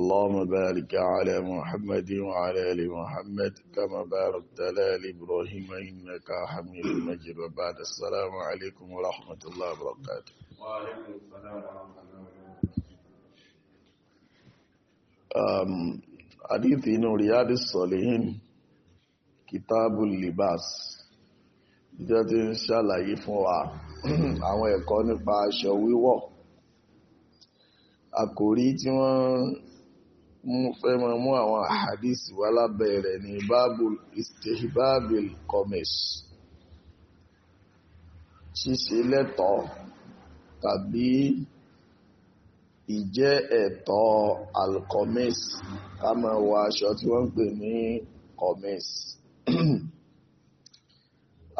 اللهم بارك على محمد وعلى آل محمد كما باركت على آل إبراهيم إنك حميد مجيد وبعد السلام عليكم ورحمة الله وبركاته وعليكم السلام ورحمة الله وبركاته حديث انه رياض الصالحين كتاب اللباس ìjọ ان شاء الله يفوا. wa àwọn باشا ويوا. aṣọ wíwọ̀ àkòrí tí wọ́n mú fẹ́ máa mú àwọn àhàdìsì wá lábẹ́rẹ̀ ní babul istihbabil kọmẹ̀ṣ ṣíṣe lẹ́tọ̀ọ́ tàbí ìjẹ́ ẹ̀tọ́ alkọmẹ̀ṣ ká máa wọ aṣọ tí wọ́n ń pè ní kọmẹ̀ṣ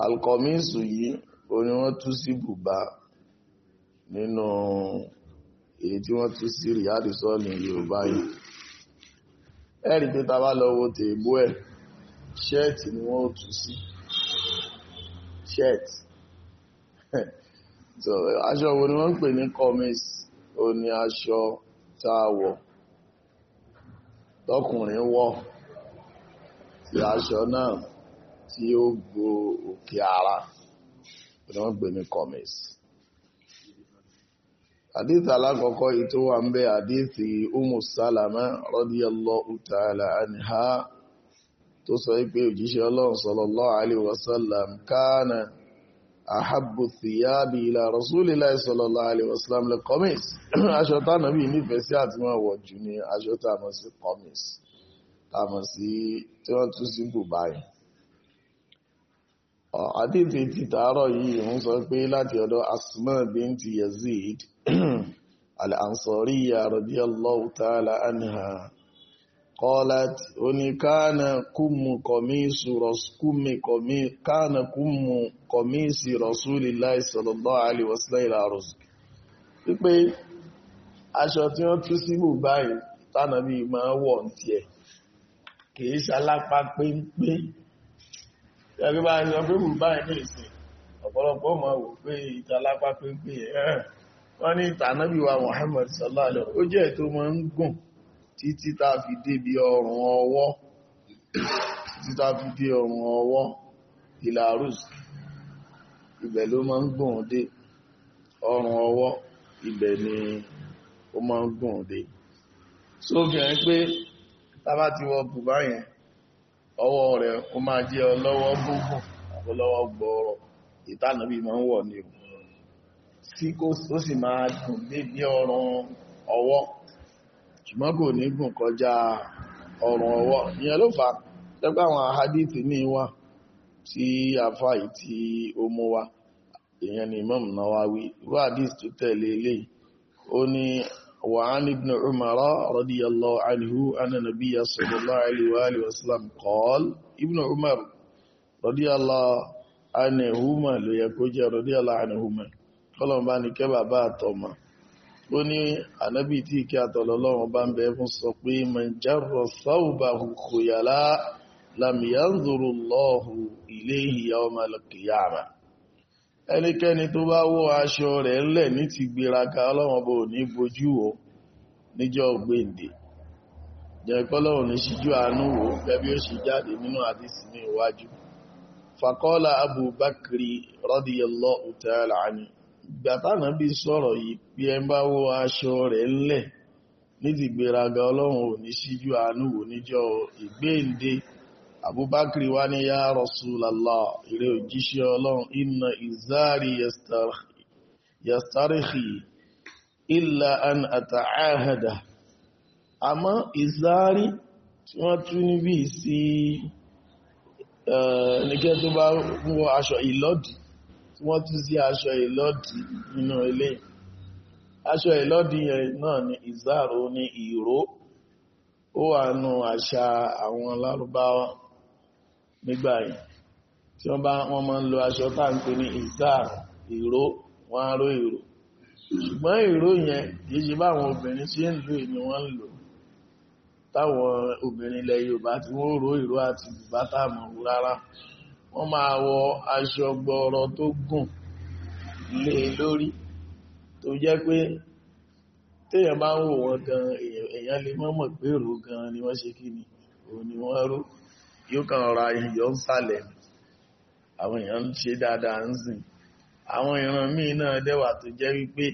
alkọmẹ̀ṣ yìí oní wọ́n tú sí bùbá nínú èyí tí wọ́n tú sí rìádìsọ́ yorùbá yìí ẹ̀rí pé ta bá lọ wo tèébú ẹ̀ ṣẹ́ẹ̀tì ni wọ́n tú sí ṣẹ́ẹ̀tì so aṣọ wo ni wọ́n ń pè ní kọ́mís ó ní aṣọ tá a wọ̀ tọkùnrin wọ̀ tí aṣọ náà tí ó bo òkè ara ni wọ́n ń pè ní kọ́mís hadith alákọ̀ọ́kọ́ yìí tó wà ń bẹ hadith umu salama radiyallahu ta'ala anha tó sọ pé òjíṣẹ́ ọlọ́run sallallahu alaihi wasallam kana ahabbu thiyabi ila rasulillahi sallallahu alaihi wasallam lil qamis aṣọ tá nàbí nífẹ̀ẹ́ sí àti wọn wọ̀ jù ní aṣọ tá mọ̀ sí qamis tá mọ̀ sí tí wọ́n tún sí bùbáyìí hadith ti tàárọ̀ yìí ń sọ pé láti ọ̀dọ̀ asma binti yazid الأنصارية رضي الله تعالى عنها قالت أني كان كم قميص رس كان كم قميص رسول الله صلى الله عليه وسلم إلى رزق pípé aṣọ tí wọ́n tú sí bùbá yìí tánàbí máa wọ̀ ní tiẹ̀ kìí ṣalápá péńpé ẹgbẹ́ bá pé bùbá yìí ọ̀pọ̀lọpọ̀ máa wò pé wọ́n ní ìtànábíwá Muhammad sallallahu alaihi wasallam ó jẹ́ tó máa ń gùn títí tá fi débi ọrùn ọwọ́ títí tá fi dé ọrùn ọwọ́ ìlàrús ibẹ̀ ló máa ń gùn dé ọrùn ọwọ́ ibẹ̀ ni ó máa ń gùn dé so obìnrin pé tábà ti wọ bùbá yẹn ọwọ́ rẹ̀ ó máa jẹ́ ọlọ́wọ́ gbogbo ìtànábí máa ń wọ̀ ní òun tí kò ó sì máa gùn débi ọrùn ọwọ́ ṣùgbọ́n kò ní gùn kọjá ọrùn ọwọ́ ìyẹn ló fà lẹ́gbẹ́ àwọn àhádìtì ní wà tí afá yìí tí ó mú wa ìyẹn ni Imam Nawawi irú àdìs tó tẹ̀lé eléyìí ó ní وعن ابن عمر رضي الله عنه أن النبي صلى الله عليه وآله وسلم قال ابن عمر رضي الله عنهما ليكوجي رضي الله عنهما kọ́lọ̀n bá ní kẹ́ bàbá àtọmọ ó ní ànábì tí ìkẹ́ àtọ̀lọ́lọ́run bá ń bẹ fún sọ pé mẹjárọ̀ sáùbà kòyàlá làmìyànzòrò lọ́ọ̀hù ilé ìyá ọmọ kìyàmà ẹnikẹ́ni tó bá wọ aṣọ rẹ̀ ńlẹ̀ ní ti gbéraga ọlọ́run bò ní bojú wò níjọ́ gbèǹde jẹ́kọ́lọ́run ní ṣíjú àánú wò gbàtánà bí sọ̀rọ̀ yìí pé ẹ bá wọ aṣọ rẹ̀ ńlẹ̀ ní ti gbéraga ọlọ́run ò ní síjú àánú wò níjọ́ ìgbéǹde abubakar wá ní yá Rasulullah ìrẹ òjíṣẹ́ ọlọ́run inna izari yastarikhi illa an ata'ahada àmọ́ ìzárí tí wọ́n tún níbi sí eh, ẹnikẹ́ tó bá wọ aṣọ ìlọ́dì wọ́n tún sí aṣọ ìlọ́dì nínú ilé aṣọ ìlọ́dì yẹn náà ni ìzáàrò ní ìró ó wà nù àṣà àwọn lárúbáwá nígbà yìí tí wọ́n bá wọ́n máa ń lo aṣọ táǹkì ní ìzáàrò ìró wọ́n á ró ìró ṣùgbọ́n ìró yẹn kìí ṣe báwọn obìnrin ṣe ń lò wọ́n ń lò táwọn obìnrin ilẹ̀ Yorùbá tí wọ́n ró ìró àti bùbá rárá wọ́n máa wọ aṣọ gbọ́ọ̀rọ̀ tó gùn lé e lórí tó jẹ́ pé téèyàn bá ń wò wọ́n gan èèyàn lè mọ́ mọ̀ pé rò gan ni wọ́n ṣe kí ni òun ni wọ́n rú yóò kàn ra ìyọ́ ń sàlẹ̀ àwọn èèyàn ń ṣe dáadáa ń sìn àwọn ìran míì náà dẹ́wà tó jẹ́ wípé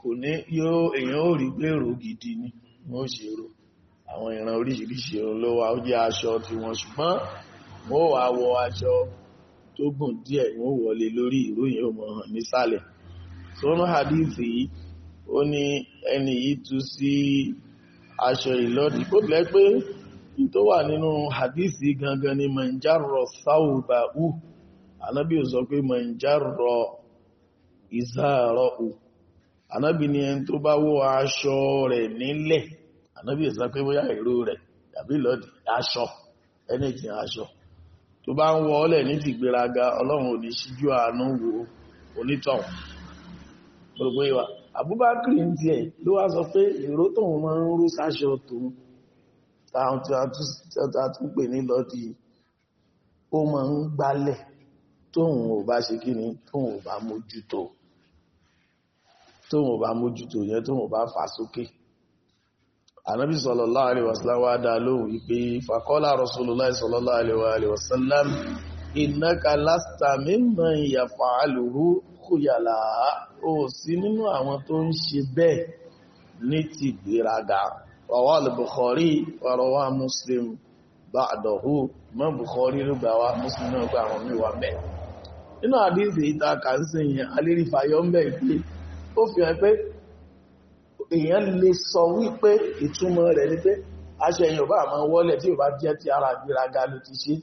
kò ní yóò èèyàn ò rí pé rò gidi ni wọ́n ṣe rò àwọn ìran oríṣiríṣi ló wà ó jẹ́ aṣọ tí wọ́n ṣùgbọ́n mo wá wọ aṣọ tó gùn díẹ̀ wọ́n wọlé lórí ìròyìn ọmọ hàn nísàlẹ̀ sọ́nà hadithi yìí ó ní ẹni yìí tú sí aṣọ ìlọ́dì kó pé tó wà nínú hadithi gangan ni manjarro sáwùbà ú anábì ò sọ pé manjarro ni ẹni tó bá wọ aṣọ rẹ̀ nílẹ̀ sọ pé bóyá ìró rẹ̀ tàbí ìlọ́dì aṣọ ẹni tó bá ń wọ ọlẹ̀ ní tìgbéraga ọlọ́run ò ní ṣíjú àánú wo onítọ̀hún gbogbo ìwà Abubakar ń tiẹ̀ ló wá sọ pé èrò tóun máa ń rú sáṣọ tòun táwọn tí a tún pè ní lọ́dí ó máa ń gbálẹ̀ tóun ò bá ṣe kí ni tóun ò bá mójútó tóun ò bá mójútó yẹn tóun ò bá fà sókè. Okay ànábì sallallahu alaihi wasallam wá dá lóhùn wípé faqala rasulullahi sallallahu alaihi wasallam innaka lasta mimman yaf'aluhu khuyala ó sí nínú àwọn tó ń ṣe bẹ́ẹ̀ ní ti gbéraga rawa al-Bukhari wa rawa Muslim ba'dahu mọ́ Bukhari ló gbà wá Muslim náà gbà àwọn mí wà bẹ́ẹ̀ nínú àdíṣe ìta kàńsìn yẹn alérífàyọ́ ń bẹ̀ pé ó fi hàn pé èèyàn lè sọ wípé ìtumọ̀ rẹ̀ ni pé aṣọ èèyàn bá máa wọ́lẹ̀ tí ò bá jẹ́ ti ara ìgbéraga ló ti ṣe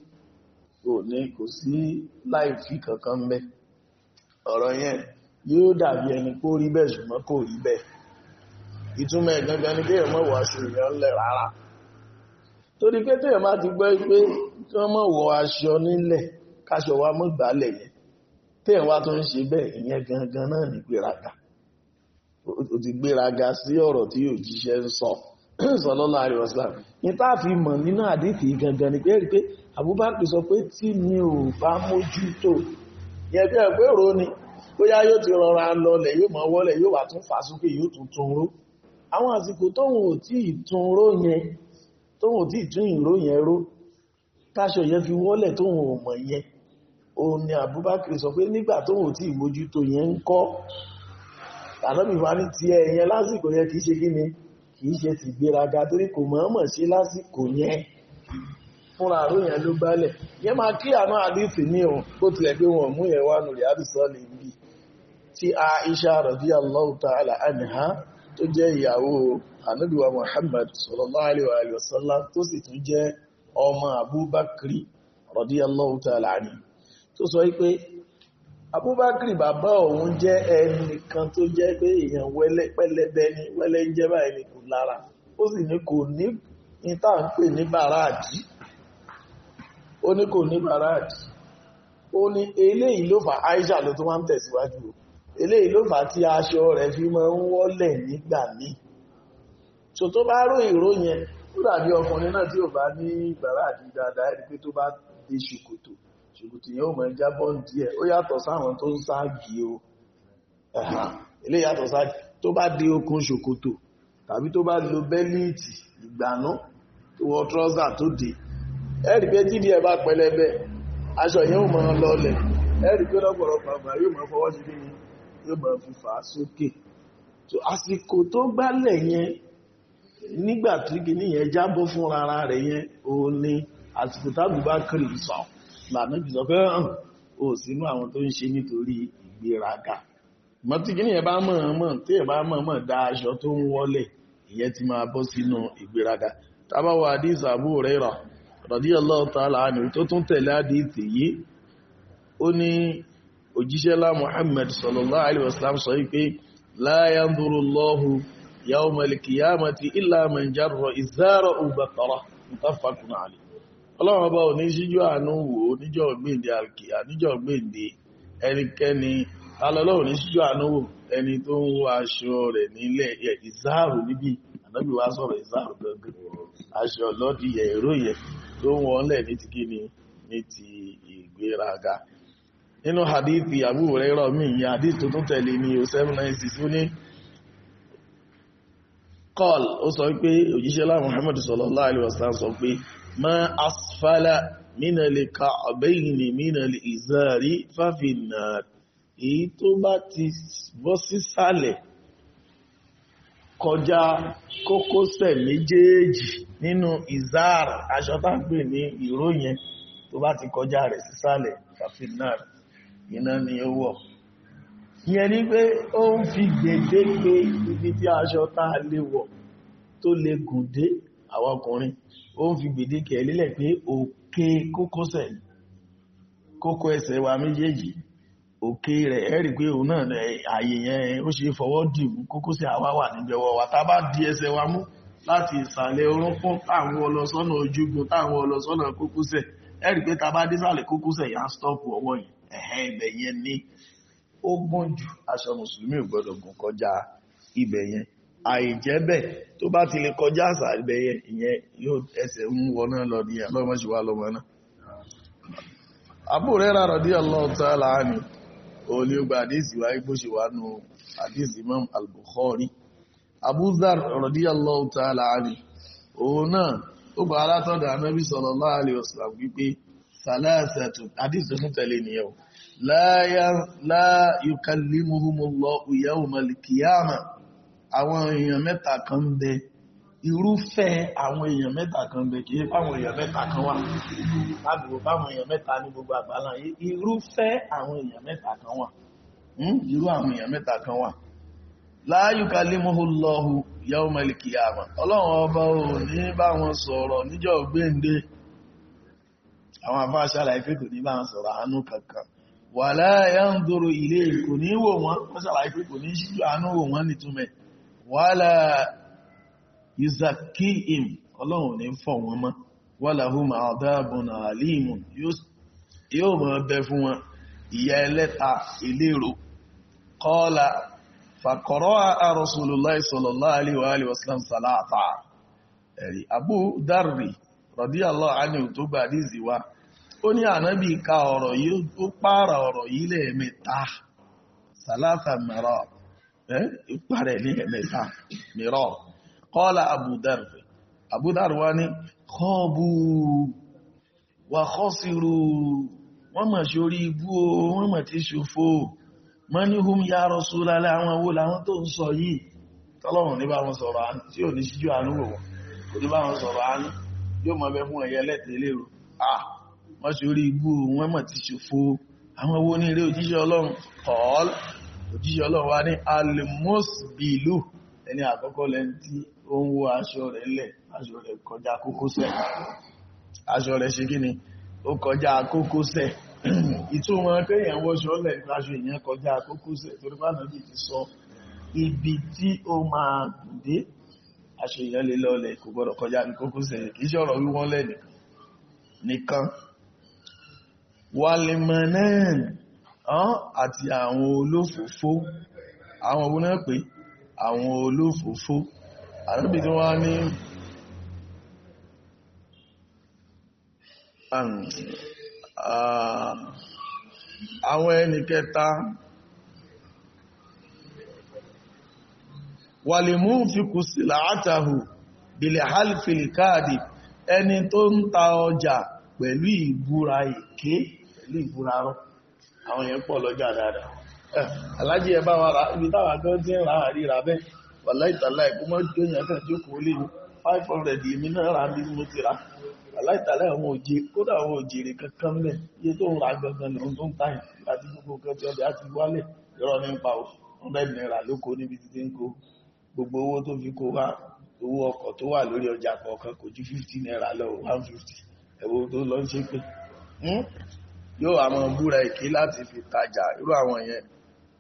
ò ní kò sí láìfí kankan ń bẹ ọ̀rọ̀ yẹn yóò dàbí ẹni kó rí bẹ́ẹ̀ ṣùgbọ́n kò rí bẹ́ẹ̀ ìtumọ̀ ẹ̀ ni kéèyàn mọ̀ wọ aṣọ èèyàn lẹ̀ rárá torí pé téèyàn bá ti gbọ́ pé kí wọ́n mọ̀ wọ aṣọ nílẹ̀ káṣọ wa mọ̀ gbálẹ̀ yẹn téèyàn wá tó ń ṣe bẹ́ẹ̀ ìyẹn gangan náà nígbéraga ó ti gbéraga sí ọ̀rọ̀ tí yóò jíṣẹ́ ń sọ sallallahu alaihi wasallam ní tá fi mọ̀ nínú àdífì gangan ni pé rí pé Abubakar sọ pé tí mi ò bá mójútó yẹ bí ẹ̀ pé rò ni bóyá yóò ti rọra lọlẹ̀ yóò mọ̀ wọlẹ̀ yóò wà tún fà sókè yóò tún tún ró àwọn àsìkò tóhun ò tí ìtún ró yẹn tóhun ò tí ìtún ìró yẹn ró táṣọ yẹn fi wọlẹ̀ tóhun ò mọ̀ yẹn òun ni Abubakar sọ pé nígbà tóhun ò tí ìmójútó yẹn ń kọ́ ànábì bá ní ti ẹ̀yẹn lásìkò yẹn kìí ṣe kí ni kìí ṣe ti gbéraga torí kò mọ̀ọ́mọ̀ ṣe lásìkò yẹn fúnra àrùn yẹn ló gbálẹ̀ yẹn máa kí àná àdìsí ní òun bó tilẹ̀ pé wọn mú yẹn wá nù rí àdìsọ́ lè rí tí Aisha radiyallahu ta'ala anha tó jẹ́ ìyàwó ànábì Muhammad sallallahu alaihi wa tó sì tún jẹ́ ọmọ Abubakri radiyallahu ta'ala tó sọ wípé abubakar bàbá òun jẹ́ ẹnìkan tó jẹ́ pé èèyàn wẹ́lẹ́ pẹ́lẹ́bẹ́ ni wẹ́lẹ́ ń jẹ́ báyìí ni kò lára ó sì ní kò ní ní tá à ń pè ní bàràdì ó ní kò ní bàràdì ó ní eléyìí ló fà aisha ló tó máa ń tẹ̀síwájú o eléyìí ló fà tí aṣọ rẹ̀ fi máa ń wọ́lẹ̀ nígbà míì so tó bá ró ìró yẹn ó dàbí ọkùnrin náà tí ò bá ní bàràdì dáadáa ẹni pé tó bá dé ṣòkòtò ṣùgbùtù yẹn ó mọ̀ jábọ́ díẹ̀ ó yàtọ̀ sáwọn tó ń ságì o ilé yàtọ̀ ságì tó bá dé okùn ṣòkòtò tàbí tó bá lo bẹ́líìtì ìgbànú tó wọ trọ́sà tó dé ẹ̀rì pé tí díẹ̀ bá pẹlẹbẹ aṣọ yẹn ó mọ̀ lọlẹ̀ ẹ̀rì pé lọ́pọ̀lọpọ̀ àgbà yóò mọ̀ fọwọ́ sí kíni yóò mọ̀ fífà sókè so àsìkò tó gbálẹ̀ yẹn nígbà tí kìíní yẹn jábọ́ fún rárá rẹ̀ yẹn òun ni àsìkò lànàbì sọ pé hàn ó sínú àwọn tó ń ṣe nítorí ìgbéraga mọ́ tí kí nìyẹn bá mọ̀ mọ̀ tí ẹ̀ bá mọ̀ mọ̀ dá aṣọ tó ń wọlẹ̀ ìyẹn ti máa bọ́ sínú ìgbéraga tábàwọ̀ àdìs Abu Hurairah radiyallahu ta'ala anhu tó tún tẹ̀lé àdìs yìí ó ní òjíṣẹ́lá Muhammad ọlọ́run ọba òní síjú àánú wò ó níjọ́ gbèǹde àkìyà níjọ́ gbèǹde ẹnikẹ́ni alọ́lọ́run síjú àánú wò ẹni tó ń wọ aṣọ rẹ̀ nílẹ̀ ìzáàrù níbi ànábì wa sọ̀rọ̀ ìzáàrù gangan aṣọ lọ́dí yẹ èrò yẹ tó ń ní ti ti ìgbéraga nínú Abu ìyẹn hadith tuntun tẹ̀lé seven nine six ní sọ pé sọ pé ma asfala mina lè ka ọ̀bẹ́yìnì mina lè ìzárí fáfinà èyí tó bá ti bọ́ sísàlẹ̀ kọjá kókósẹ̀ méjèèjì nínú ìzáàr aṣọ tá ń pè ní ìró yẹn tó bá ti kọjá rẹ̀ sísàlẹ̀ fáfinà iná ni ó wọ̀ ìyẹn ni pé ó ń fi gbèdéke ibi tí aṣọ lè wọ̀ tó lè gùn dé àwọn ó ń fi gbèdéke ẹ̀lélẹ̀ pé òkè kókósẹ̀ kókó ẹsẹ̀ wa méjèèjì òkè rẹ̀ ẹ̀rí pé òun náà ààyè yẹn ó ṣe fọwọ́ dìbò kókósẹ̀ àwa wà níbẹ̀wọ̀ wa tá bá di ẹsẹ̀ wa mú láti ìsàlẹ̀ orúnkún táwọn ọlọ́sọ́nà ojúgun táwọn ọlọ́sọ́nà kókósẹ̀ ẹ̀rí pé tá bá dísàlẹ̀ kókósẹ̀ yà ń ọwọ́ yìí ẹ̀hẹ́ ibẹ̀ yẹn ni ó gbọ́n jù aṣọ mùsùlùmí ò gbọ́dọ̀ àìjẹ́bẹ̀ tó bá ti lè kọjá àṣà ìbẹ̀yẹ ìyẹn yóò ẹsẹ̀ ń wọná lọ ní ẹlọ́mọ́ṣíwá lọ́mọ náà Abu Hurairah radiyallahu ta'ala anhu òní ó gba àdísì wá igbó ṣe wá nù àdísì Imam al-Bukhari Abu Dharr radiyallahu ta'ala anhu òun náà ó gba alátọ́dà anábì sallallahu alaihi wasallam wípé sàlẹ́sẹ̀tù àdísì fún tẹ̀lé nìyẹn la yukallimuhumullahu yawmal qiyamah àwọn èèyàn mẹ́ta kan ń bẹ irúfẹ́ àwọn èèyàn mẹ́ta kan bẹ kìí fáwọn èèyàn mẹ́ta kan wà lábùkù fáwọn èèyàn mẹ́ta ní gbogbo àgbàlá irúfẹ́ àwọn èèyàn mẹ́ta kan wà hmm? irú àwọn èèyàn mẹ́ta kan wà láyùká límúhùlọ́hù yàó mẹ́lìkì àmà ọlọ́run ọba ò ní bá wọn sọ̀rọ̀ níjọ́ gbéǹde àwọn àfáà ṣàlàyé pé kò ní bá wọn sọ̀rọ̀ àánú kankan wà láyà ń dòrò ilé kò ní wò wọ́n ṣàlàyé pé kò ní ṣíjú àánú wò wọ́n nìtúmẹ̀ wàhálà yuzakihim ọlọ́run ní fọ̀ wọn mọ́ wàhálà huma yóò mọ̀ bẹ fún wọn ìyà ẹlẹ́ta ìlérò kọ́ọ̀lá fàkọ̀rọ̀ Rasulullahi ó ní ànábì ọ̀rọ̀ yìí ó pààrà ọ̀rọ̀ yìí lẹ́ẹ̀mẹ́ta salata Eh? ìparẹ̀ ní ẹ̀mẹ́ta mìíràn kọ́lá abudar abudar wá ní kọ́ọ̀bù wà kọ́sìrò wọ́n mọ̀ sórí ibú o wọ́n mọ̀ tí ṣòfò mọ́ ní hùm ya Rasulullah àwọn owó làwọn tó ń sọ yìí tọ́lọ́run ní bá wọn sọ̀rọ̀ àánú tí ò ní síjú àánú wò wọn kò ní bá sọ̀rọ̀ àánú yóò mọ̀ bẹ fún ẹ̀yẹ lẹ́tẹ̀ lérò ah wọ́n sórí ibú o wọ́n mọ̀ tí ṣòfò àwọn owó ní ilé òjíṣẹ́ Ọlọ́run kọ́ọ́lù òjíṣẹ́ ọlọ́wà ní almusbilu ẹni àkọ́kọ́ lẹ́ni tí ó ń wọ aṣọ rẹ̀ lẹ̀ aṣọ rẹ̀ kọjá kókósẹ̀ aṣọ rẹ̀ ṣe gíní ó kọjá kókósẹ̀ ìtumọ̀ kéèyàn wọṣọ lẹ̀ aṣọ èèyàn kọjá kókósẹ̀ torí pàtàkì ti án àti àwọn olófòfó àwọn ogun náà pé àwọn olófòfó àrẹ́bì tí wọ́n ní àwọn ẹni kẹta wàlèmú fi kù sí làátàhù bìlẹ̀ halifili káàdì ẹni tó ń ta ọjà pẹ̀lú ìbúra èké pẹ̀lú ìbúra rọ́ àwọn yẹn pọ̀ lọ́jà dáadáa alájí ẹ bá wa ra ibi táwa gan ti ń ra àríra bẹ́ẹ̀ wàlá ìtàlá ẹ̀kú mọ́ jó yẹn kàn jókòó lé five hundred èmi náà ra bí mo ti ra wàlá ìtàlá àwọn òjì kódà àwọn òjìrì kankan mẹ́ iye tó ń ra gangan ní ọdún táyì àti gbogbo kan tí ọdẹ àti wálẹ̀ irọ́ nípa o hundred naira ló kó níbi títí ń kó gbogbo owó tó fi kó wá owó ọkọ̀ tó wà lórí ọjà kọ̀ọ̀kan kò ju fifty naira lọ one fifty ẹ̀wọ̀n tó lọ ń ṣe pé hmm? yóò àmọ́ búra ìké láti fi tajà irú àwọn yẹn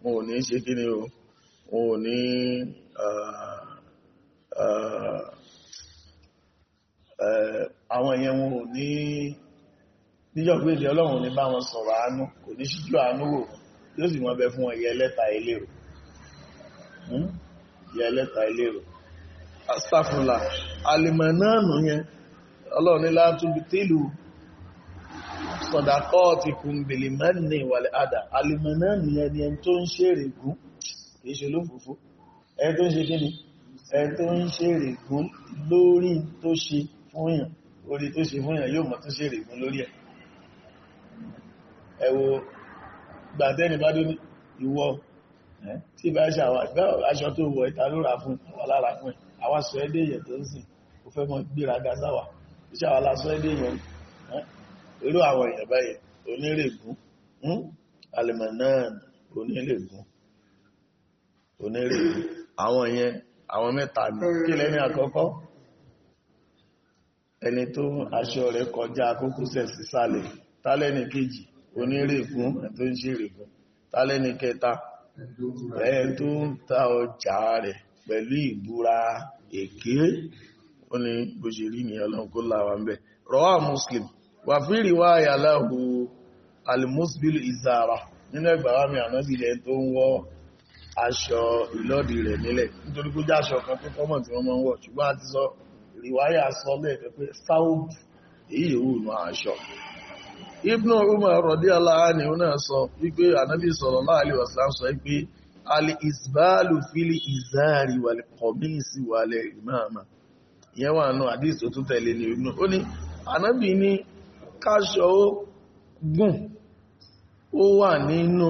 wọn ò ní ṣe kí ni o wọn ò ní àwọn yẹn wọn ò ní níjọ́ pé ilé ọlọ́run ní bá wọn sọ̀rọ̀ àánú kò ní ṣíjú àánú wò yóò sì wọ́n bẹ fún wọn yẹ lẹ́ta ilérò hmm? yẹ lẹ́ta ilérò astafula alìmọ̀ náà nù yẹn ọlọ́run ní látúbi tílù sọ̀dàkọ́ ti kún bèlè mẹ́ni wàlẹ̀ àdà alìmọ̀nà ni ẹni tó ń ṣe èrègún kìí ṣe lófòfó ẹni tó ń ṣe kíni ẹni tó ń ṣe èrègún lórí tó ṣe fúnyàn orí tó ṣe fúnyàn yóò mọ̀ tó ṣe èrègún lórí ẹ̀ ẹwọ gbàtẹ́ni bá dé ìwọ tí bá ṣe àwọn aṣọ èèyàn irú àwọn èèyàn báyìí onírègùn hmm? alìmọ̀náàn onírègùn onírègùn àwọn yẹn àwọn mẹ́ta ní kí lẹ́ni àkọ́kọ́ ẹni tó aṣọ rẹ̀ kọjá kókósẹ̀ sísàlẹ̀ tálẹ́ni kejì onírègùn tó ń ṣe règùn tálẹ́ni kẹta ẹ̀ tó ń ta ọjà rẹ̀ pẹ̀lú ìbúra èké ó ní bó ṣe rí ní ọlọ́run kó láwa ń muslim wà fún ìrìwá àyàláhù alimusbilu nínú ẹgbàwà mi ànábì rẹ̀ tó ń wọ́ aṣọ ìlọ́dì rẹ̀ nílẹ̀ nítorí kó jẹ́ aṣọ kan tó kọ́mọ̀ tí wọ́n máa ń ṣùgbọ́n a ti sọ ríwáyà sọ lẹ́ẹ̀kẹ́ pé èyí nù aṣọ ibnu umar náà sọ wípé ànábì fili ìyẹn wà nù tó tún tẹ̀lé káṣọ ó gùn ó wà nínú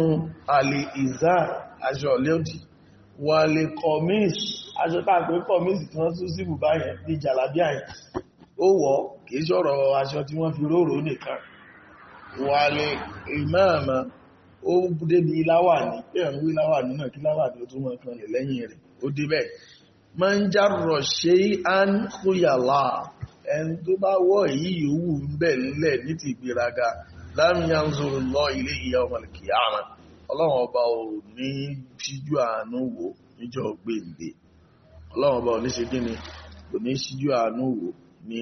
àlè ìzá aṣọ lẹ́ọ̀dì wà lè kọmíṣ aṣọ tàbí kọmíṣ tí wọ́n tún sí bùbá yẹn ní jàlábíà yẹn ó wọ̀ kìí ṣọ̀rọ̀ aṣọ tí wọ́n fi róòrò nìkan wà lè ìmáàmà ó débi láwà ní pẹ̀lú wí láwà nínú kí láwà ní ó tún mọ́ kan lè lẹ́yìn rẹ̀ ó débẹ̀ máa ń járọ̀ ṣe án kúyàlá ẹni tó bá wọ́ èyí yòówù ń bẹ̀ nílẹ̀ ní ti ìgbéraga láàmìyànzòrò lọ ilé ìyá ọmọ kìíyàmà ọlọ́run ọba ò ní ṣíjú àánú wò gbèǹde ọlọ́run ọba ò ní ṣe ni kò ní ṣíjú àánú wò ní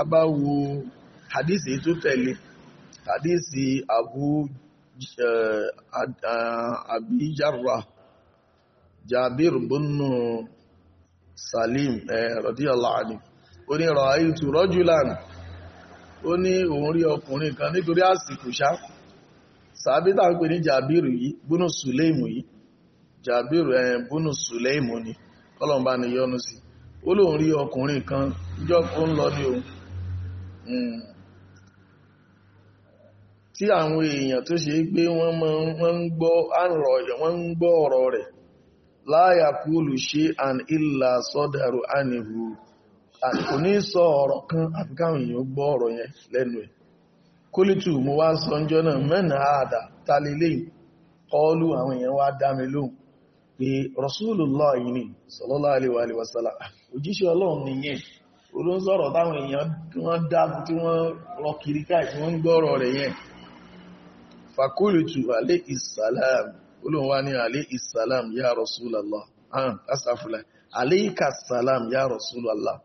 a bá wo hadisi tó tẹ̀lé hadisi jabir bunu salim eh, radiyallahu anhu ó ní rọ̀ rajulan kan jabir yi bunu suleimu yi. jabir bunu ni kọlọmbà ni rí ọkùnrin kan eh, jọ́ kó ń lọ ní òun hmm. tí àwọn èèyàn tó ṣe pé wọ́n láyà kúlù ṣe àn ìlà sọ́dàrú ànìhù kò ní sọ ọ̀rọ̀ kan àfi káwọn èèyàn gbọ́ ọ̀rọ̀ yẹn lẹ́nu ẹ̀ kólítù mo wá sọ náà mẹ́nà àdà talilé kọlu àwọn èèyàn wá dá mi pé Rasulullah yìí ni sallallahu alaihi wa sallam ah, òjíṣẹ́ ọlọ́run nìyẹn olóńsọ̀rọ̀ táwọn èèyàn wọ́n dágú tí wọ́n rọ kiri káì tí wọ́n ń gbọ́rọ̀ rẹ̀ olóhùn wa ní alẹ́ ìsàlám yá rasulallah ahàn asàfilà alẹ́ ìkàsàlám yá rasulallah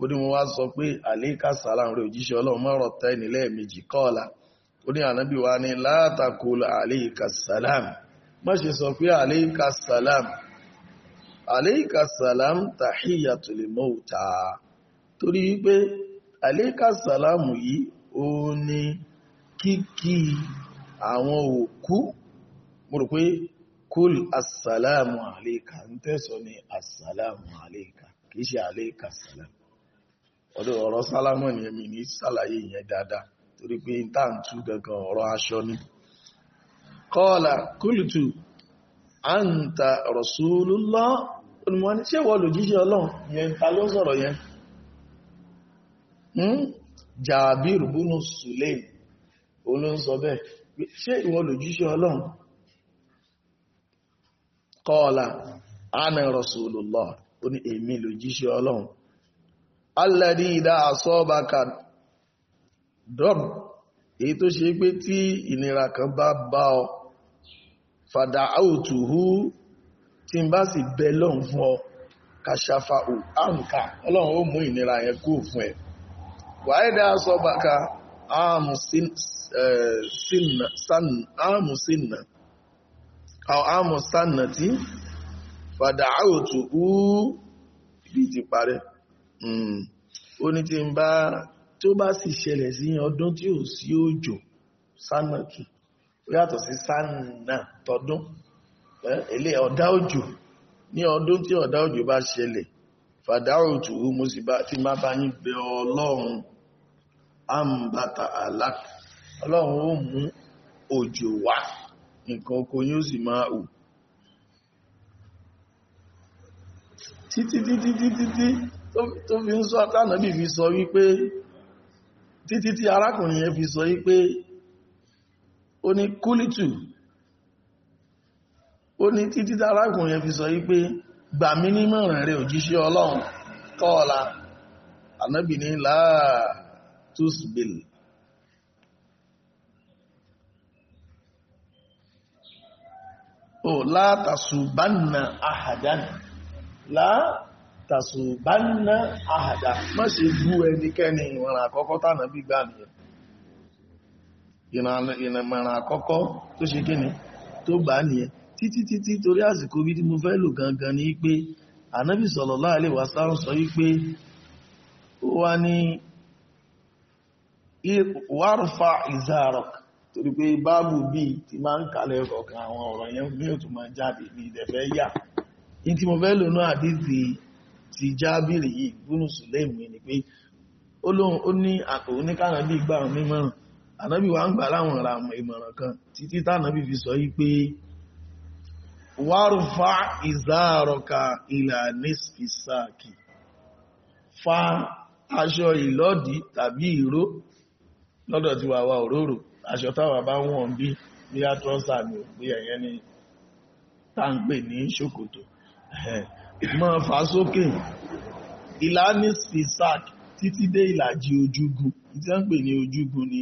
ó ní mo wá sọ pé alẹ́ ìkàsàlám rẹ̀ òjíṣẹ́ ọlọ́run mọ́rọ̀ tẹ́ nílẹ̀ méjì kọ́ọ̀la ó ní ànábì wa ní látàkùl alẹ́ ìkàsàlám má ṣe sọ pé alẹ́ ìkàsàlám alẹ́ ìkàsàlám tàhíyàtul mọ́ọ̀tà torí àwọn òkú mo rò pé kúl asàlámù àléka ń tẹ́sọ ní asàlámù àléka kìí ṣe àléka sàlámù ọdọ̀ ọ̀rọ̀ ni èmi ní sàlàyé ìyẹn dáadáa torí pé ń tú ọ̀rọ̀ aṣọ ni kọ́ọ̀lá kúlùtù àǹtà rọ̀súlùlọ́ ta kọ́ọ̀lá ana rasulullah onye ní èmi lòjíṣẹ́ ọlọ́run alladhi idha ka dọ́b èyí tó ṣe pé tí ìnira kan bá bá ọ fàdà áùtùhú tí n bá sì bẹ lọ́hùn fún ọ kàṣàfà ò àǹkà ọlọ́run ó mú ìnira yẹn kú fún ẹ àwọn amọ̀sánà tí fàdà àwòtù úú ìdí ti parẹ́ hmm. ó ní tí ń bá tó bá sì ṣẹlẹ̀ sí ọdún tí ò sí òjò sánà tù ó yàtọ̀ sí sánà tọdún ilé ọ̀dá òjò ní ọdún tí ọ̀dá òjò bá ṣẹlẹ̀ fàdà àwòtù úú mo sì bá tí má bá yín bẹ ọlọ́run àmbàtà àlá ọlọ́run ó mú òjò wá nǹkan oko yóò sì máa hù títí títí títí tí tó fi ń sọ tánàbí fi sọ wípé títí tí arákùnrin yẹn fi sọ wípé ó ní kúlítù ó ní títí tí arákùnrin yẹn fi sọ wípé gbà mí nímọ̀ràn rẹ̀ òjíṣẹ́ ọlọ́run kọ́ọ̀la ànábì ní láà tusbil o oh, la tasubanna ahadan la tasubanna ahadan má ṣe bú ẹnikẹ́ni ìmọ̀ràn àkọ́kọ́ tánà bí gbà ìmọ̀ràn àkọ́kọ́ tó ṣe kíni tó gbà nìyẹn títí títí torí àsìkò bí mo fẹ́ gangan ní pé ànábì torí pé báàbù bí ti máa ń kàlẹ̀ ọ̀kọ̀ọ̀kan àwọn ọ̀rọ̀ yẹn ní òtún máa jáde ní ìdẹ̀fẹ́ yà ní tí mo fẹ́ lónú àdízi ti jábìrì yìí gúnù sùlẹ̀mù ni pé ó ní àtò oníkànábì gbà wọn mímọ̀ràn ànábì wa ń gbà láwọn ọ̀rọ̀ àmọ̀ ìmọ̀ràn kan títí tànábì fi sọ yí pé wárùfà ìzáàrọ̀ka ìlà nísfìsáàkì fa aṣọ ìlọ́dì tàbí ìró lọ́dọ̀ tí wà wà òróró aṣọ táwa bá wọ̀n bí bí a trọ́sà ní òpin ẹ̀yẹn ni tá ń pè ní ṣòkòtò mọ́ fà sókè ìlànà spisak títí dé ìlàjì ojúgun tí wọ́n pè ní ojúgun ni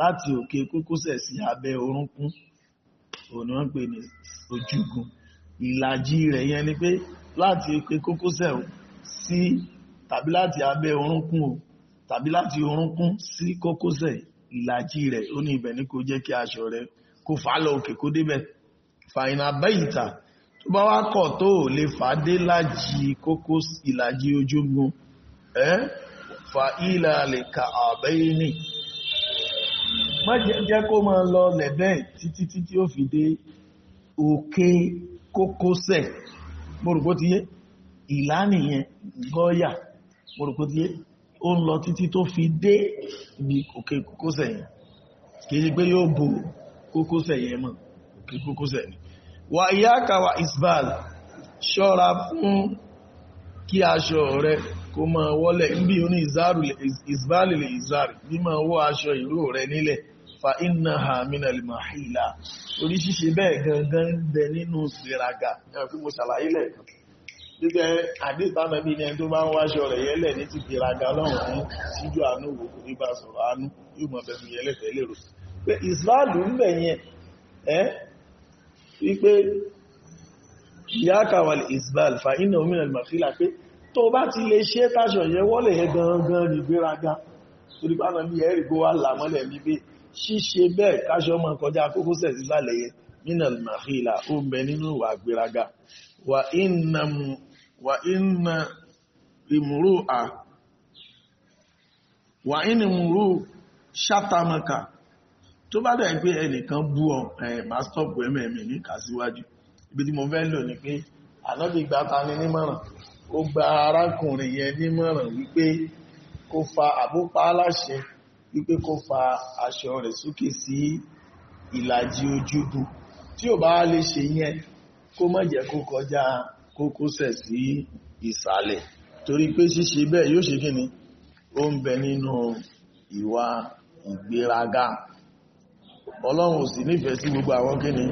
láti òkè kókósẹ̀ sí abẹ́ orúnkún òní wọ́n pè ní ojúgun ìlàjì rẹ̀ yẹn ni pé láti òkè kókósẹ̀ sí tàbí láti abẹ́ orúnkún o tàbí láti orúnkún sí kókósẹ̀ ìlàjì rẹ̀ ó ní ibẹ̀ ní kó jẹ́ kí aṣọ rẹ̀ kó fà lọ òkè kó débẹ̀ fàyínà bẹ́yìntà tó bá wá kọ̀ tó lè fà dé lájì kókó ìlàjì ojúgun ẹ́ fà ilà lè ka àbẹ́yìn ní má jẹ́ kó máa lọ lẹ̀bẹ̀ títí títí ó fi dé òkè kókósẹ̀ mo rò pé ti yé ìlà gọ́yà mo rò pé ti yé ó lọ títí tó fi dé ibi òkè kókósẹ̀ yẹn kìí ṣe yóò bo kókósẹ̀ yẹn mọ́ òkè ni wà ìyáka wà isbal ṣọ́ra fún kí aṣọ rẹ kó ma wọ́lẹ̀ níbi oní isbal lè izar bí máa wọ́ aṣọ ìró rẹ nílẹ̀ fa inna ha mina lè máa hìlá bẹ́ẹ̀ gangan bẹ nínú ìraga ẹ̀fí ṣàlàyé Gbígbẹ́ àdìsánàbí ni ẹni tó bá ń wáṣọ rẹ̀ yẹ́lẹ̀ ní ti gbéraga lọ́wọ́ ní síjú àánú wò kò ní bá sọ̀rọ̀ àánú yóò mọ̀ bẹ̀rù yẹ́lẹ̀ tẹ́lẹ̀ rò. Pé ìsìláàlù ń bẹ̀ yẹn ẹ́ wípé ìyáka wà ìsìláàl fa iná omínà ìmọ̀fílà pé tó bá ti lè ṣe táṣọ yẹn wọ́lẹ̀ yẹn gangan ní gbéraga torí bá náà bí ẹ̀rì kó wà lámọ́lẹ̀ níbi ṣíṣe bẹ́ẹ̀ káṣọ mọ́ kọjá kókósẹ̀ sísàlẹ̀ yẹn mínà ìmọ̀fílà ó ń bẹ nínú wà gbéraga wà ìnàmù wàínà ìmúrú à wàínà ìmúrú ṣátamaka tó bá dẹ̀ pé ẹnìkan bú ọ ẹ̀ máa stop ẹ̀mẹ̀mẹ̀ ní kàsíwájú ibi tí mo fẹ́ lò ní pé ànábì gba ta ni nímọ̀ràn ó gba arákùnrin yẹn nímọ̀ràn wípé kó fa àbúpa aláṣẹ wípé kó fa aṣọ rẹ̀ sókè sí ìlàjì ojúdu tí ò bá lè ṣe yẹn kó má kó kọjá kókósẹ̀ sí ìsàlẹ̀ torí pé ṣíṣe bẹ́ẹ̀ yóò ṣe kí ni ó ń bẹ nínú ìwà ìgbéraga ọlọ́run ò sì nífẹ̀ẹ́ sí gbogbo àwọn kí ni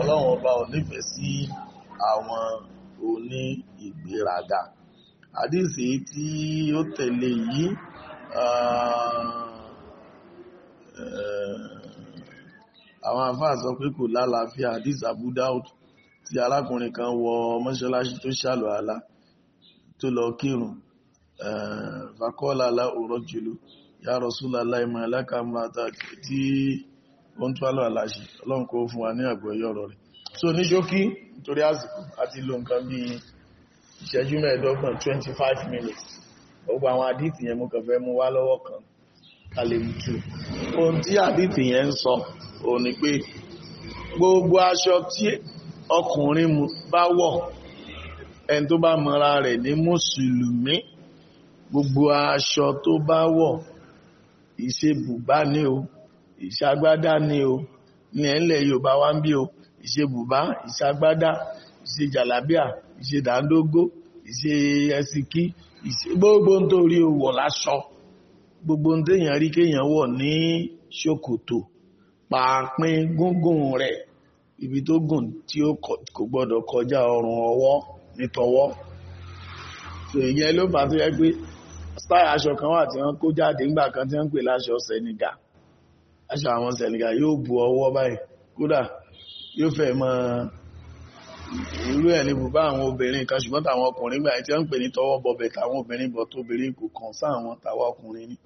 ọlọ́run ọba ò nífẹ̀ẹ́ sí àwọn oní ìgbéraga àdísì tí ó tẹ̀lé yìí ah, eh, àwọn àfáà pé kò lálàáfíà àdísì Abu tí arákùnrin kan wọ mọ́ṣáláṣí tó ṣàlọ̀ àlá tó lọ kírun fàkọ́lá aláòrọ̀ jùlọ ya Rasulullah ìmọ̀ alákàmọ́ta tí ó ń tọ́lọ̀ aláṣì ọlọ́run kó fún wa ní àgbọ́yé ọ̀rọ̀ rẹ̀ so ní ṣókí nítorí àsìkò àti lo nǹkan bí minutes gbogbo àwọn àdìtì yẹn mo kàn fẹ́ mú wá lọ́wọ́ kan kàlèmùtù ọkùnrin bá wọ̀ ẹni tó bá mọ́ra rẹ̀ ní mùsùlùmí gbogbo aṣọ tó bá wọ̀ ìṣe ni o ìṣàgbádá ni o ní ẹ̀ńlẹ̀ Yorùbá wá ń bí o ìṣe bùbá ìṣàgbádá ìṣe jàlábíà ìṣe dàńdógó ìṣe ẹsìkí ìṣe gbogbo ń torí owó láṣọ gbogbo ń téèyàn rí kéèyàn wọ̀ ní ṣòkòtò pàápín gúngùn rẹ̀ ibi tó gùn tí ó kò gbọ́dọ̀ kọjá ọrùn ọwọ́ nítọwọ́ so ìyẹn ló fà tó yẹ pé style aṣọ kan wà tí wọ́n kó jáde ńgbà kan tí wọ́n pè láṣọ sẹ̀nìgà aṣọ àwọn sẹ̀nìgà yóò bu ọwọ́ báyìí kódà yóò fẹ́ mọ irú ẹ̀ ní bùbá àwọn obìnrin kan ṣùgbọ́n táwọn ọkùnrin gbà tí wọ́n pè ní tọwọ́ bọbẹ̀ táwọn obìnrin bọ̀ tóbìnrin kò kàn sáwọn táwọn ọkùnrin ni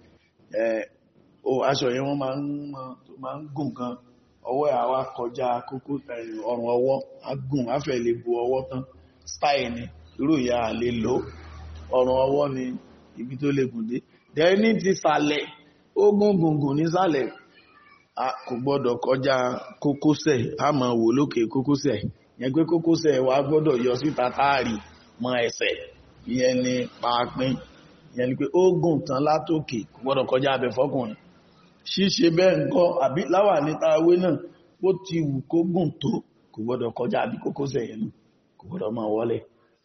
aṣọ yẹn wọ́n máa ń gùn gan ọwọ́ àwa kọjá kókó ọrùn ọwọ́ agùn afẹ́lẹ̀ bu ọwọ́ tán style ni irú ìyá lè lò ọrùn ọwọ́ ni ibi tó lè gùn dé dẹ́ni ti sàlẹ̀ ó gùn gùngùn nísàlẹ̀ kò gbọ́dọ̀ kọjá kókósẹ̀ a máa wò lókè kókósẹ̀ yẹn pé kókósẹ̀ wa gbọ́dọ̀ yọ síta táàrí mọ́ ẹsẹ̀ ìyẹn ni paapin ìyẹn ni pé ó tán látòkè kò gbọ́dọ̀ kọjá abẹ fọ́kùnrin ṣíṣe bẹ́ẹ̀ ńkọ́ àbí láwà níta awé náà ó ti wù kó gùn tó kò gbọ́dọ̀ kọjá àbí kókósẹ̀ yẹn nù kò gbọ́dọ̀ máa wọlé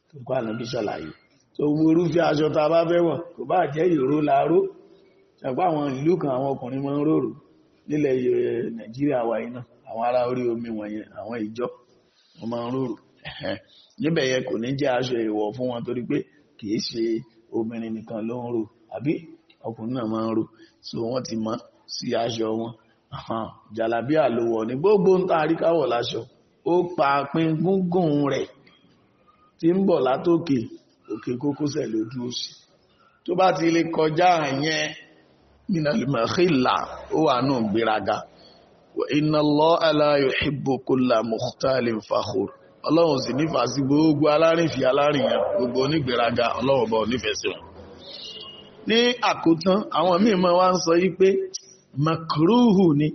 tó kọ́ ànábì ṣàlàyé tó wo irúfẹ́ aṣọ tá a bá fẹ́ wọ̀ kò bá jẹ́ ìró láró ṣàpá àwọn ìlú kan àwọn ọkùnrin máa ń rorò nílẹ̀ eh, nàìjíríà wa iná àwọn ará orí omi wọ̀nyẹn àwọn ìjọ wọn máa ń rorò níbẹ̀ yẹn kò ní jẹ́ aṣọ ìwọ̀ fún wọn torí pé kì í ṣe obìnrin nìkan ló ń rò àbí ọkùnrin náà máa ń rò so wọ́n ti máa sí aṣọ wọn jàlábíà ló wọ̀ ní gbogbo ń tàrí káwọ̀ láṣọ ó pa pin gúngùn rẹ̀ tí ń bọ̀ látòkè òkè kókósẹ̀ ló dúró sí tó bá ti lè kọjá àyẹn minalimakila ó wà nù gbéraga iná lọ aláyọ ìbòkúlà mọ̀tálì fàkó ọlọ́run sì nífà sí gbogbo alárìnfì alárìnyàn gbogbo onígbéraga ọlọ́run bọ̀ nífẹ̀ẹ́ sí wọn ní àkótán àwọn míì mọ́ wá ń sọ yí pé makruhu ni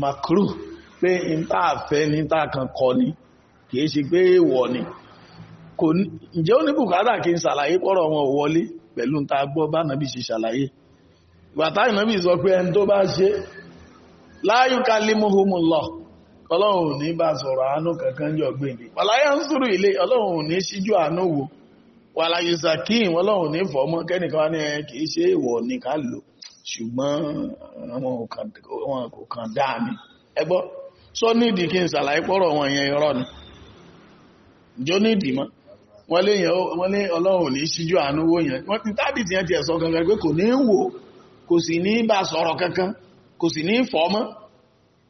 makruhu pé ìta fẹ́ ní kan kọ ni kìí ṣe pé èèwọ̀ ni kò ní ǹjẹ́ ó ní bùkátà kí n ṣàlàyé pọ̀rọ̀ wọn wọlé pẹ̀lú nta gbọ́ bá nàbí ṣe ṣàlàyé ìgbàtà ìnàbí sọ pé ẹni tó bá kankan jọ ń ilé ọlọ́run ò ní síjú àánú ọlọ́run ò ní kẹ́nìkan ní ẹ kìí ṣe ṣùgbọ́n àwọn kò kàn dáa mi ẹgbọ́ sọ kí n sàlàyé pọ́rọ̀ wọn yẹn ni jọ nídìí mọ́ wọ́n lé yẹn ọlọ́run ní ṣíjú àánúwò yẹn wọ́n ti tábì tí ẹ ti ẹ̀sọ́ kankan pé kò ní wò kò sì ní bá sọ̀rọ̀ kankan kò sì ní fọ́mọ́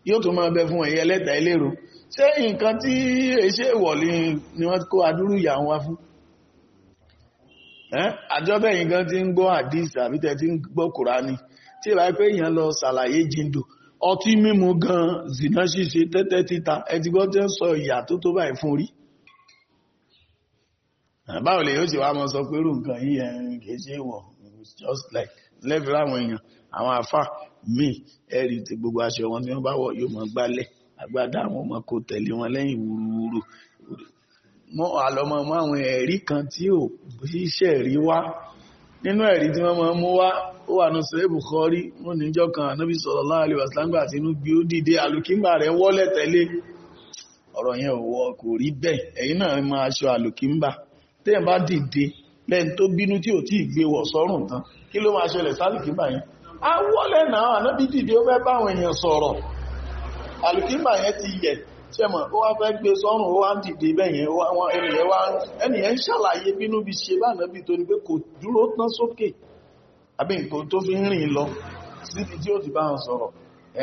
yóò máa bẹ fún ẹ̀yẹ lẹ́tà ẹlẹ́rọ ṣé nǹkan tí èṣe ni wọ́n kó adúrú ìyàwó wa fún àjọ́bẹ̀ yìí gan ti ń gbọ́ àdìs àbí tẹ́ ti ń gbọ́ kùránì tí ìbá pé èèyàn lọ ṣàlàyé jindo ọtí mímu gan zìnà ṣíṣe tẹ́tẹ́ títa ẹtí gbọ́ tẹ́ ń sọ ìyà tó tó báyìí fún rí báwo lè yóò ṣe wá mọ́ sọ pé rú nǹkan yìí ẹ̀rin kìí ṣe wọ̀ just like lẹ́fẹ̀ẹ́ láwọn èèyàn àwọn àfà míì ẹ̀rí ti gbogbo aṣọ wọn tí wọ́n bá wọ̀ yóò mọ́ gbálẹ̀ agbádá àwọn ọmọ kò tẹ̀lé wọn lẹ́yìn wúruwúru mọ́ àlọ́mọ́ mọ́ àwọn ẹ̀rí kan tí ò ṣíṣẹ́ rí wá nínú ẹ̀rí tí wọ́n mọ́ mú wá ó wà ní sọ́rẹ́ Bukhari wọ́n níjọ́ kan ànábì sallallahu alaihi wasallam àti inú gbí ó dìde àlùkímbà rẹ̀ wọ́lẹ̀ tẹ́lẹ̀ ọ̀rọ̀ yẹn ò wọ́ kò rí bẹ́ẹ̀ ẹ̀yin náà máa aṣọ àlùkímbà tẹ́yìn bá dìde lẹ́ni tó bínú tí ò tí ì gbé wọ̀ sọ́rùn tán kí ló máa ṣẹlẹ̀ sálùkímbà yẹn á wọ́lẹ̀ náà ànábì dìde ó fẹ́ báwọn èèyàn sọ̀rọ̀ àlùkímbà yẹn ti yẹ̀ ṣẹ́mọ̀ ó wá fẹ́ gbé sọ́rùn ó wá ń dìde bẹ́yẹn ẹnìyẹn ń ṣàlàyé bínú bí ṣe bá nàbí torí pé kò dúró tán sókè àbí nǹkan tó fi ń rìn lọ síbi tí ó ti bá wọn sọ̀rọ̀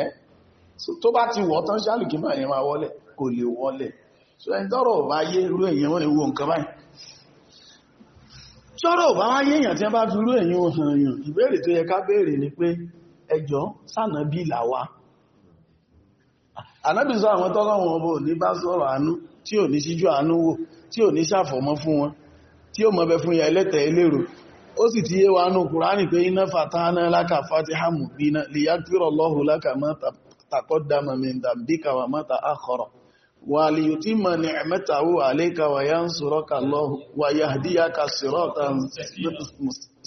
ẹ́ tó bá ti wọ́ tán ṣáàlùkí máa yẹn máa wọlẹ̀ kò lè wọlẹ̀ so ẹni tọ́rọ̀ bá yé irú èèyàn wọ́n lè wo nǹkan báyìí tọ́rọ̀ bá wá yé èèyàn tí wọ́n bá fi irú èèyàn hàn yàn ìbéèrè tó yẹ ká béèrè ni pé ẹjọ́ sànà bí làwa ànábìsọ àwọn tọ́lọ́wọ̀n ọbọ̀ ní bá sọ̀rọ̀ àánú tí ò ní síjú àánú wò tí ò ní sàfọ̀mọ́ fún wọn tí ó mọ̀bẹ fún ya ẹlẹ́tẹ̀ elérò ó sì ti yé wa nú kùránì pé iná fatahana láka fatiha mubina liyaghfira Allahu laka ma taqaddama min dhanbika wa ma ta'akhkhara wa liyutimma ni'matahu alayka wa yansuraka Allahu wa yahdiyaka siratan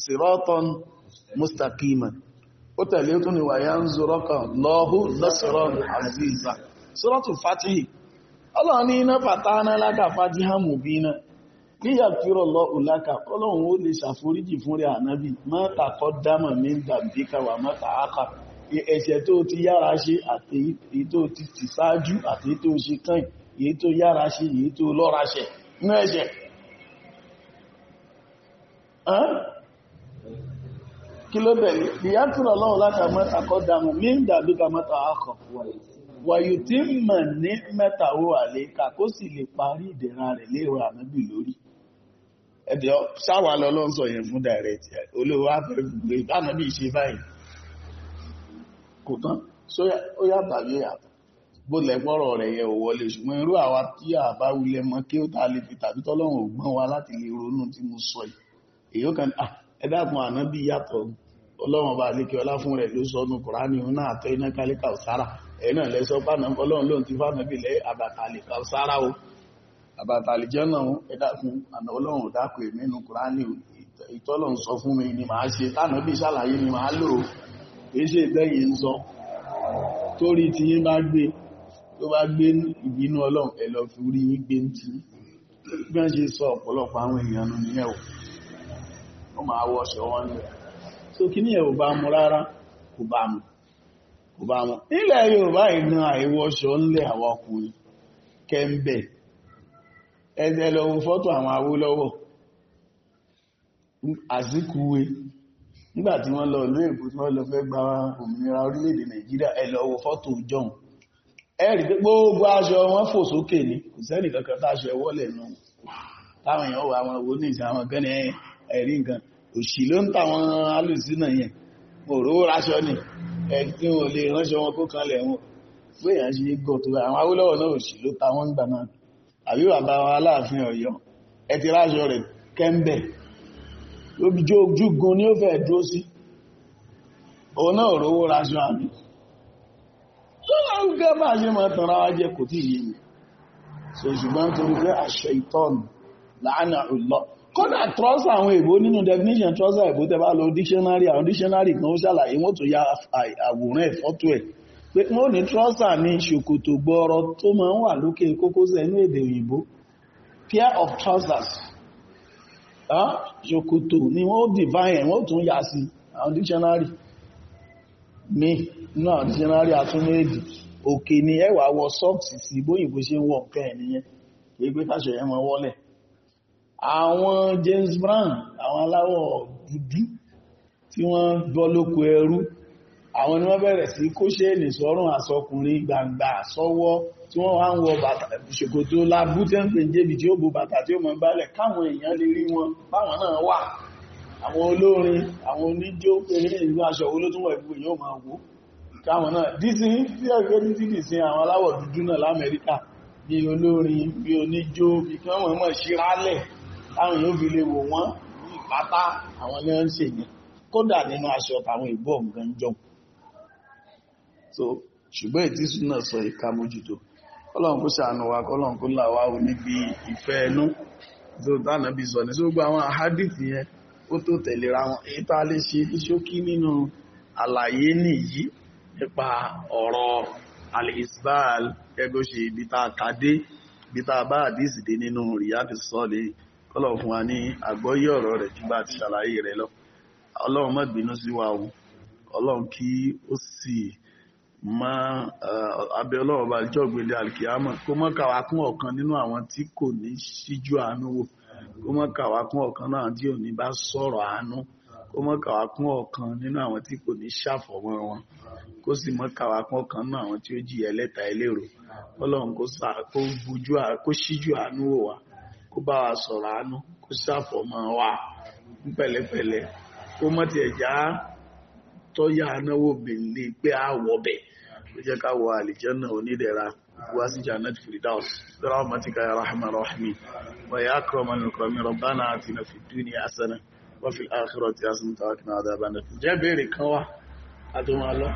siratan mustaqima ó tẹ̀lé tún ni wa yansuraka Allahu nasran aziza sọ́rọ̀tù fatihi ọlọ́run ní iná fàtánà láka fatiha mubina níyà kúrò lọ òláka ọlọ́run ó lè ṣàforíjì fún rẹ̀ ànábì mọ́ta kọ́ dámà ní dàbíkà wà mọ́ta áka ẹ̀ṣẹ̀ tó ti yára ṣe àti èyí tó ti ti ṣáájú àti èyí tó ṣe kàn èyí tó yára ṣe èyí tó lọ́ra ṣe ní ẹ̀ṣẹ̀ kí ló bẹ̀rẹ̀ ìyá kúrò lọ́wọ́ láka mọ́ta kọ́ dámà ní dàbíkà mọ́ta áka wọ̀nyí wàyò tí ń mọ̀ ní mẹ́ta ó àlékà kó sì lè parí ìdẹ̀ra rẹ̀ léèrò ànábì lórí ẹ̀dẹ̀ sáwà lọ ló ń sọ yẹn fún direct olówó afẹ́gbẹ̀ ìbánábì ṣe báyìí kò tán ó yàtọ̀ yé yàtọ̀ bó lẹ́gbọ́rọ̀ rẹ̀ yẹ ò wọlé ṣùgbọ́n irú àwa tí a bá wulẹ̀ mọ́ kí ó ta lè fi tàbí tọ́lọ́run ògbọ́n wa láti lè ronú tí mo sọ yìí èyí kan ẹ̀dàkùn ànábì yàtọ̀ ọlọ́run ọba àlékè ọlá fún rẹ̀ ló sọ ọdún kùránì òun náà àtọ́ iná kálíkà òsára ẹ̀nà lẹ́sọ́ pàánà ọlọ́run lóun ti fánà bí lẹ́ àbàtàlì kan sára o àbàtàlì jẹ́nà ẹ̀dàkùn àná ọlọ́run dákò nínú kùránì ìtọ́lọ̀ ń sọ fún mi ni màá ṣe tánà bí ṣàlàyé ni màá lò kìí ṣe ìtẹ́yìn ń sọ torí tí yín bá gbé tó bá gbé ìbínú ọlọ́run ẹ̀ lọ fi so kí ni ẹ̀ ò bá kò bá wọn nílẹ̀ yorùbá ìgbìmọ̀ àìwọṣọ ńlẹ̀ àwọn ọkùnrin kẹ́ńbẹ̀ ẹ̀ẹ́dẹ̀ lọ wo fọ́tò àwọn awólọ́wọ̀ àzíkúwe nígbà tí wọ́n lọ ìlú èkó tí wọ́n lọ fẹ́ gba òmìnira orílẹ̀-èdè nàìjíríà ẹ lọ wo fọ́tò john ẹ̀rí pé gbogbo aṣọ wọn fò sókè ní kò sẹ́nì kankan táṣọ ẹwọ́lẹ̀ nù táwọn èèyàn wà wọn wo ní ìsàwọn kan ní ẹ̀rí nǹkan òṣì ló ń tàwọn alùsí náà yẹn òróró aṣọ ni ẹni tí wọ́n lè ránṣẹ́ wọn kó kan lẹ̀wọ̀n bóyá ṣe gọ́ tó bá àwọn Awólọ́wọ̀ náà òṣì ló ta wọ́n gbà náà àbí bàbá wọn Aláàfin Ọ̀yọ́ ẹ ti ráṣọ rẹ̀ kẹ́ńbẹ̀ lóbi jó ojúgun ni ó fẹ́ dúró sí òun náà rówó ráṣọ àmì tó lọ́n gẹ́ bá ṣe máa tanra wá jẹ kò tí ì yé mi ṣùgbọ́n torí pé àṣẹ ìtọ́nù láàánà ọlọ́ọ̀ kódà trọ́sà àwọn èbó nínú definition trọ́sà èbó tẹ́ bá lọ dictionary àwọn dictionary kan ó ṣàlàyé wọ́n tó ya àwòrán ẹ̀ fọ́tò ẹ̀ pé wọ́n ní trọ́sà ní ṣòkòtò gbọ́ọrọ tó máa ń wà lókè kókósẹ̀ ní èdè òyìnbó pair of trousers ṣòkòtò ni wọ́n divine wọ́n tún yà sí àwọn dictionary mi náà dictionary atúnmẹ́ẹ̀dì òkè ni ẹwà wọ sọ́ọ̀sì sí bóyìnbó ṣe ń wọ̀ nǹkan ẹ̀ nìyẹn pé pé fàṣọ ẹ̀ mọ́ wọ́lẹ̀ àwọn James Brown àwọn aláwọ̀ dúdú tí wọ́n bọ́ lóko ẹrú àwọn ni wọ́n bẹ̀rẹ̀ sí kó ṣéènì sọ́rùn àsọkùnrin gbangba sọ́wọ́ tí wọ́n wá ń wọ bàtà ṣòkòtò lábú tí ń pè jébì tí ó bo bàtà tí ó mọ̀ gbálẹ̀ káwọn èèyàn lè rí wọn báwọn náà wà àwọn olórin àwọn oníjó eré ìlú aṣọ owó ló tún wọ̀ ìgbò yóò máa wò káwọn náà dísí tí ẹgbẹ́ títí dì sí àwọn aláwọ̀ dúdú náà lamẹ́ríkà bí olórin bí oníjó bí kí mọ̀ ṣe rálẹ̀ táwọn yóò fi lè wò wọ́n ní ìpátá àwọn ní wọ́n ṣe ní kódà nínú aṣọ tàwọn ìbò nǹkan jọ so ṣùgbọ́n ètí súnà sọ ìka mójútó kọ́lọ̀n kó ṣàánú wa kọ́lọ̀n kó là wá níbi ìfẹ́ ẹnu tó tánà bí sọ ní sí gbogbo àwọn àhádìtì yẹn ó tó tẹ̀lera wọn èyí tá a lè ṣe ṣókí nínú àlàyé nìyí nípa ọ̀rọ̀ al gẹ́gọ́ ṣe ibi tá a kàdé ibi tá a bá àdìsì nínú riyadus kọ́lọ̀ fún wa ní àgbọ́yé ọ̀rọ̀ rẹ̀ jù bá ti ṣàlàyé rẹ̀ lọ ọlọ́run má bínú sí wa o ọlọ́run kí ó sì má abẹ́ ọlọ́run bá jọ́ gbélé alkiyama kó mọ́ kà wá kún ọ̀kan nínú àwọn tí kò ní síjú àánú wò kó mọ́ kà wá kún ọ̀kan náà tí ò ní bá sọ̀rọ̀ àánú kó mọ́ kà wá kún ọ̀kan nínú àwọn tí kò ní ṣàfọ̀mọ́ wọn kó sì mọ́ kà wá kún ọ̀kan náà àwọn tí ó jìyà ẹlẹ́ta ẹlẹ́rò ọlọ́run kó síjú àánú wò wá kó bá wa sọ̀rọ̀ àánú kó ṣàfọ̀mọ́ wa ní pẹ̀lẹ́pẹ̀lẹ́ kó mọ́ ti ẹ̀já tọ́yà anáwó bèlè pé bẹ̀ jẹ́ ká wọ onídẹ̀ra wá sí ya rahman rahimi wa ya akramal mukramin rabbana atina jẹ́